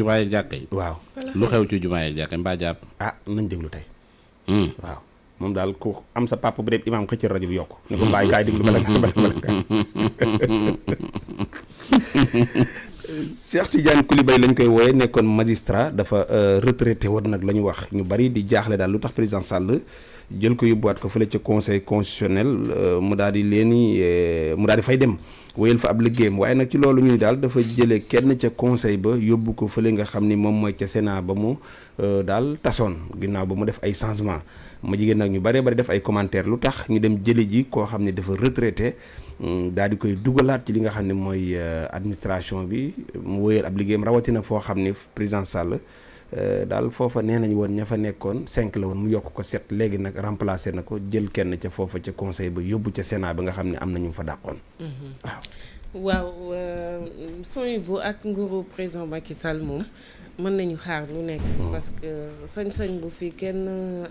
jumaa yeeg waaw lu xew ci jumaa yeeg jàkka yi mbaa jàpp ah nañ déglu tey hmm. waaw moom daal ku am sa pàpp bu dee imaam xëccal rajo bi yokk ne ko mbaay kaay déglu bala nga bala nga Cheikh Tidiane Coulibaly lañ koy wooyee nekkoon magistrat dafa euh, retraité woon nag la ñu wax ñu bari di jaaxle daal lu tax président Sall jël ko yóbbuwaat ko fële ca conseil constitutionnel euh, mu daal di leen euh, mu daal di fay dem wéyal fa ab liggéeyam waaye nag ci loolu ñuy daal dafa jële kenn ca conseil ba yóbbu ko fële nga xam ni moom mooy ca Sénat ba mu daal tasoon ginnaaw ba mu def ay changement ma jigéen nag ñu bëree bari def ay commentaire lu tax ñu dem jëli ji koo xam ne dafa retraité. Mm, daal di koy dugalaat ci li nga xam ne mooy euh, administration bi mu wóyal ab liggéeyam rawatina foo xam ni président Sall euh, daal foofa nee nañ woon ña fa nekkoon cinq la woon mu yokk ko sept léegi nag remplacé na ko jël kenn ca foofa ca conseil ba yóbbu ca Sénat bi nga xam ne am na ñu fa dàqoon mm-hmm. waaw waaw euh, sooy bu ak nguuru président Macky Sall moom mën nañu xaar lu nekk. Mm. parce que sañ-sañ bu fi kenn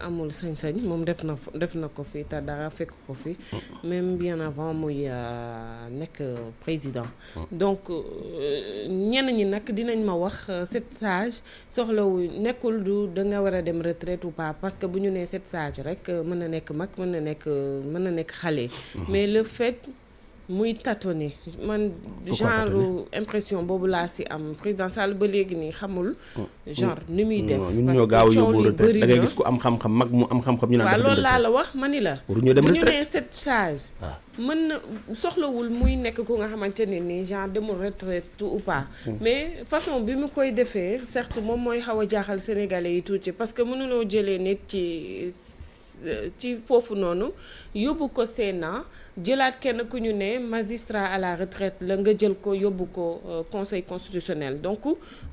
amul sañ-sañ moom def na def na ko fi te dara fekk ko fi. Mm. même bien avant muy euh, nekk président. Mm. donc euh, ñenn ñi nag dinañ ma wax set sages soxlawu nekkul du da nga war a dem retraite ou pas parce que bu ñu nee set sages rek mën na nekk mag mën na nekk mën na nekk xale. Mm-hmm. mais le fait. muy ni man genre impression boobu laa si am président Sall ba léegi nii xamul mm. genre ni muy mm. def ñun ñoo gaaw yóbbu retraite da ngay gis ku am xam-xam mag mu am xam-xam ñu naan waaw loolu laa la wax ma ni la bu ñu nee cette charge ah. mën na soxlawul muy nekk ku nga xamante ne nii genre demul retraite ou pas mm. mais façon bi mu koy defee certes moom mooy xaw a jaaxal sénégalais yi tuuti parce que mënuloo jëlee nit ci ci foofu noonu yóbbu ko Sénat jëlaat kenn ku ñu ne magistrat à la retraite la nga jël ko yóbbu ko euh, conseil constitutionnel donc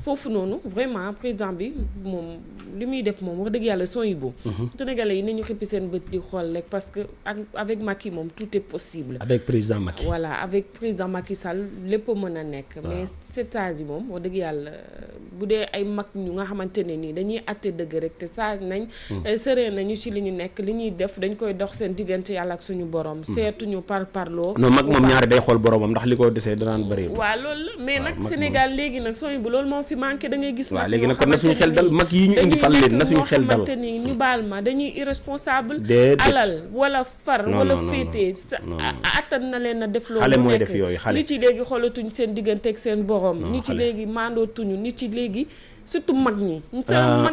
foofu noonu vraiment président bi moom li muy def moom wax dëgg yàlla son yi bu mhm. Sénégalais yi nañu xippi seen bët di xool rek parce que ak avec Macky moom tout est possible. avec président Macky voilà avec président Macky Sall lépp mën a nekk. mais c'est yi moom wax dëgg yàlla euh, bu dee ay mag ñu nga xamante ne nii dañuy àtte dëgg rek te saa nañ. Mhm. Euh, sereen nañu ci li ñu nekk. nekk li ñuy def dañ koy dox seen diggante yàlla ak suñu boroom mhm. seetuñu par parloo. non mag moom ñaari day xool boromam ndax li ko desee danaan bëri. waaw loolu la mais nag Sénégal léegi nag sooy bu loolu moom fi manqué da ngay gis. waaw léegi nag kon na suñu xel dal mag yi ñu indi fan leen na suñu xel dal ni ñu baal ma dañuy irresponsable. alal wala far. wala féete sa attan na leen def. loolu xale mooy def yooyu xale. nit ci léegi xoolatuñ seen diggante seen borom. nit léegi mandootuñu nit ci léegi surtout mag ñi.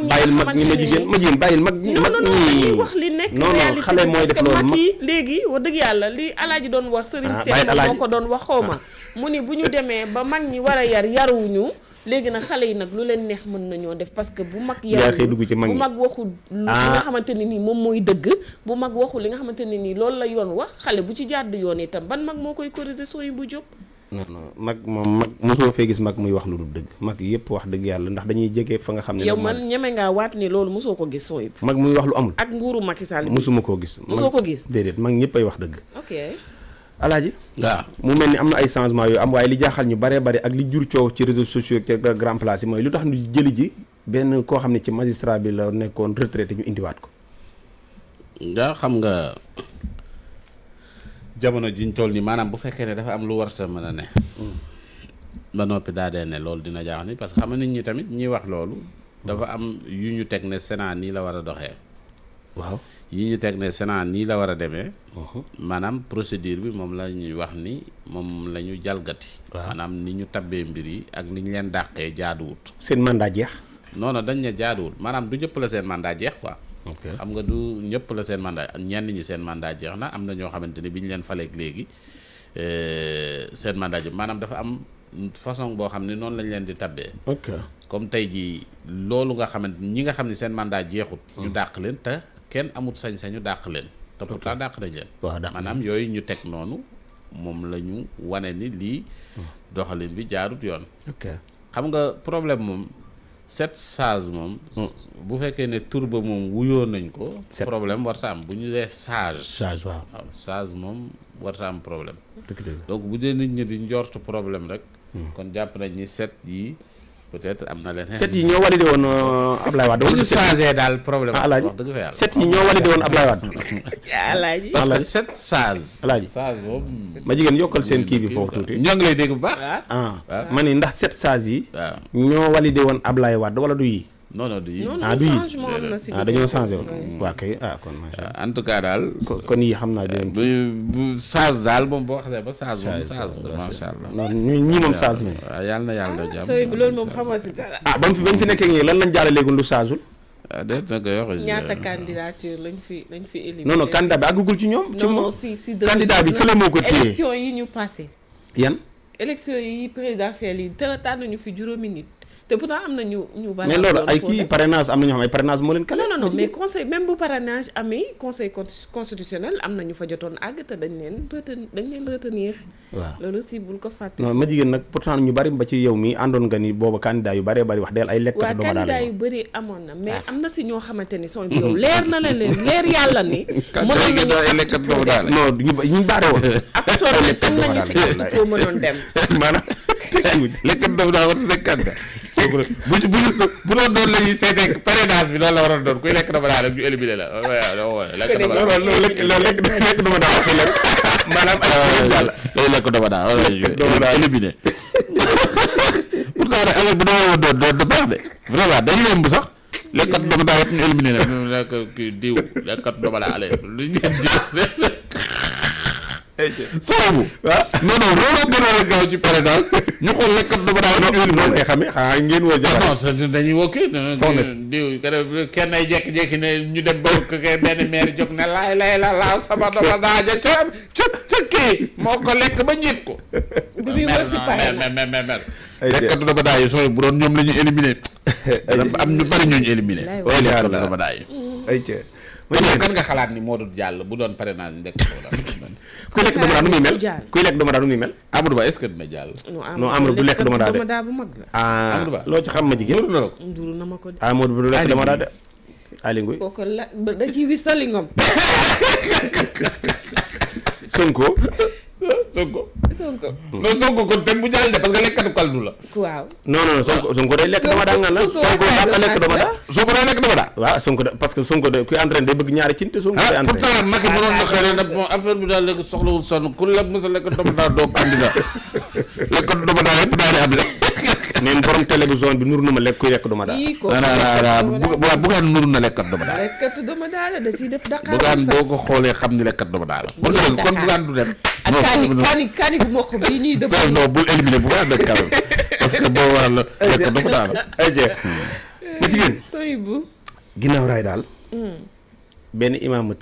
bàyyil mag ñi ma jigéen ma jigéen bàyyil mag ñi. mag ñi wax li nekk. non non xale mooy def loolu mag yi léegi wax dëgg yàlla li alaaji doon wax. Serigne Sène ah, moo ko doon wax xaw ma mu ni bu ñu demee ba mag ñi war a yar yaruwuñu léegi nag xale yi nag lu leen neex mën nañoo def parce que bu mag yaru dugg ci mag bu mag waxul ah. li nga xamante ne nii moom mooy dëgg bu mag waxul li nga xamante ne nii loolu la yoon wax xale bu ci jàdd yoon itam ban mag moo koy corriger sooy bu jóg non non mag moom mag mosoo fee gis mag muy wax lu dul dëgg mag yëpp wax dëgg yàlla ndax dañuy jege fa nga xam ne yow man ñeme ngaa waat ni loolu mosoo ko gis sooy mag muy wax lu amul ak nguuru Macky Sall mosuma koo gis mosoo ko gis déedéet mag ñëpp ay wax dëgg ok alaaji waaw mu mel ni am na ay changement yooyu am waaye li jaaxal ñu baree bari ak li jur coow ci réseaux sociaux ci grand place yi mooy lu tax ñu jëli ji benn koo xam ne ci magistrat bi la nekkoon retraité ñu indiwaat ko jamono jiñ toll nii maanaam bu fekkee ne dafa am lu warta mën a ne ba noppi daa ne loolu dina jaax ni parce que xam nit ñi tamit ñiy wax loolu dafa am yu ñu teg ne Sénat nii la war a doxee waaw yi ñu teg ne Sénat nii la war a demee uh-huh. maanaam procédure bi moom la ñuy wax ni moom la ñu jalgati maanaam ni ñu tabbee mbir yi ak ni ñu leen dàqee jaaduwut seen mandat jeex noonu dañ ne jaaduwut maanaam du jëpp la seen mandat jeex quoi xam nga du ñëpp la seen mandat ñenn ñi seen mandat jeex na am na ñoo xamante ni bi ñu leen faleeg léegi euh, seen mandat maanaam dafa am façon boo xam ne noonu lañ leen di tabbee comme tey jii loolu nga xamante ñi nga xam ne seen mandat jeexut ñu hmm. dàq leen te kenn amut sañ-sañu dàq leen te pourtant dàq nañ leen maanaam yooyu ñu teg noonu moom la ñu wane ni lii hmm. doxalin bi jaarut yoon xam nga problème moom sept sages moom. bu fekkee ne tour ba moom wuyoo nañ ko. problème warta am bu ñu lee sage. sage waaw waaw moom warta am problème. donc bu dee nit ñi di njort problème rek. Hmm. kon jàpp nañ ni sept yi. peut-être am na leneen. set yi ñoo validé woon euh, Ablaye Wade. wala set yi daal problème. Ah, alaaji wax dëgg fa yàlla set yi ñoo validé woon Ablaye Wade. alaaji parce set change. alaaji ma jigéen yokkal seen kii bi foofu tuuti. ñoo ngi lay dégg bu ah. Ah. ma ni ndax set change yi. waaw ñoo validé woon Ablaye Wade wala du yi. non non du ah du yi ah, dañoo changé woon. waa kay ah kon macha en tout cas daal. kon yi xam naa euh, dinañ. bu bu saas daal moom boo xasee ba saas moom saas. macha allah non ñun ñii moom saas na yàlla ah, na jàmm. sëy loolu moom xamoo si dara. ah ba mu fi ba mu fi nekkee nii lan lañ jaaree léegi lu saasul. ah ñaata candidature lañ fi lañ fi éliminé. non non candidat bi àggagul ci ñoom. ci moom si si dëgg candidat bi fële moo ko téye élection yi ñu passé. yan. élection yi présidentielles yi tànnuñu fi juróomi te pourtant am na ñu ñu. valable mais loolu ay kii parrainage am na ñoo xam ay parrainage moo leen kale. non non mais conseil même bu parrainage amee conseil constitutionnel am na ñu fa jotoon àgg te dañ leen reten dañ leen retenir. waaw loolu si bul ko fàtte. non ma jigéen nag pourtant ñu bari ba ci yow mi àndoon nga ni booba candidat yu bari bari wax del ay lekk. doomu daal candidat yu bari amoon na mais ah. am na si ñoo xamante ni son yow leer na leen leen leer yàlla ni. mënoon nañu ay lekk doomu daal non ñu ñu bare woon. ak solo am nañu si at koo mënoon dem. maanaam lekk doomu daal war nekk candidat bu bu bu doon doon la ñuy seetee bi loolu la waroon doon kuy lekk dama daal rek ñu éliminé la waaw waaw waaw lekk dama daal loolu lekk lekk dama daal bu dama baax de vraiment dañu yomb sax lekkat dama daal ñu éliminé la lekk kii diw lekkat dama daal ale lu jëm diw soobu ah. non non looloo gënoon a gaaw ci parrainage ñu xool la dama daaw kenn ay ñu dem ba kay benn maire jóg ne laay ko lekk ba njiit ko bu muy sooy bu doon ñoom la ñu éliminé am ñu bari ñooñu éliminé waaye lekkat dama daay yi ay kan nga xalaat ni moo dul jàll bu doon parrainage ndekk kuy lekk doomu daa nu muy mel kuy lekk doomu daa nu muy mel. Amadou Ba est-ce que dina jàll. non Amadou du lekk doomu de ah, loo ci xam ma jigéen. nduru ko Ba du lekk doomu de. Aly Ngouille kooku wis sa lingom. Sonko Sonko. non Sonko kon teg bu jaay de parce que lekkatu kaldu la. waaw non non Sonko Sonko day lekk dama daa nga la. Sonko day lekk dama daa. Sonko day lekk dama daa. waaw Sonko da parce que Sonko da kuy entraîné day bëgg ñaari cin te Sonko day ah, entraîné. pourtant Macky ah, mënoon na ah, xëy na bon affaire bi daal léegi soxlawul sonn ku la mos a lekk dama daa doo candidat lekkatu dama daa yëpp daal di am neen borom télévision bi nur na ma lekk kuy lekk dama daal. waaw bugaan nur na lekkat dama daal. lekkat dama daal da siy def Dakar. bugaan boo ko xoolee xam ni lekkat dama daal. kon bugaan du dem. ak kaani kaani gu mokk bi ñuy dëpp non bul éliminer bu baax nag kanam parce que boo waral lekk dafa daal ay jeex ma jigéen sooy bu ginnaaw raay daal hmm. benn imaam